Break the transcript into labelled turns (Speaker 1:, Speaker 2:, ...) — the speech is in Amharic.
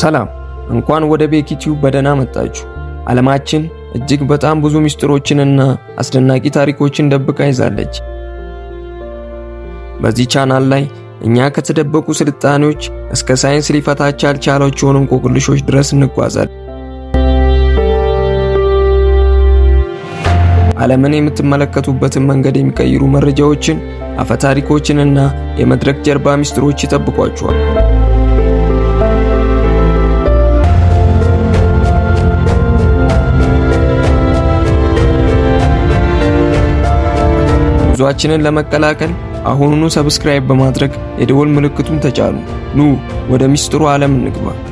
Speaker 1: ሰላም፣ እንኳን ወደ ቤኪ ቲዩብ በደህና መጣችሁ። ዓለማችን እጅግ በጣም ብዙ ምስጢሮችንና አስደናቂ ታሪኮችን ደብቃ ይዛለች። በዚህ ቻናል ላይ እኛ ከተደበቁ ስልጣኔዎች እስከ ሳይንስ ሊፈታቸው ያልቻላቸውን እንቆቅልሾች ድረስ እንጓዛለን። ዓለምን የምትመለከቱበትን መንገድ የሚቀይሩ መረጃዎችን፣ አፈታሪኮችንና የመድረክ ጀርባ ምስጢሮች ይጠብቋችኋል። ጉዟችንን ለመቀላቀል አሁኑኑ ሰብስክራይብ በማድረግ የደወል ምልክቱን ተጫኑ። ኑ ወደ ሚስጥሩ ዓለም እንግባ።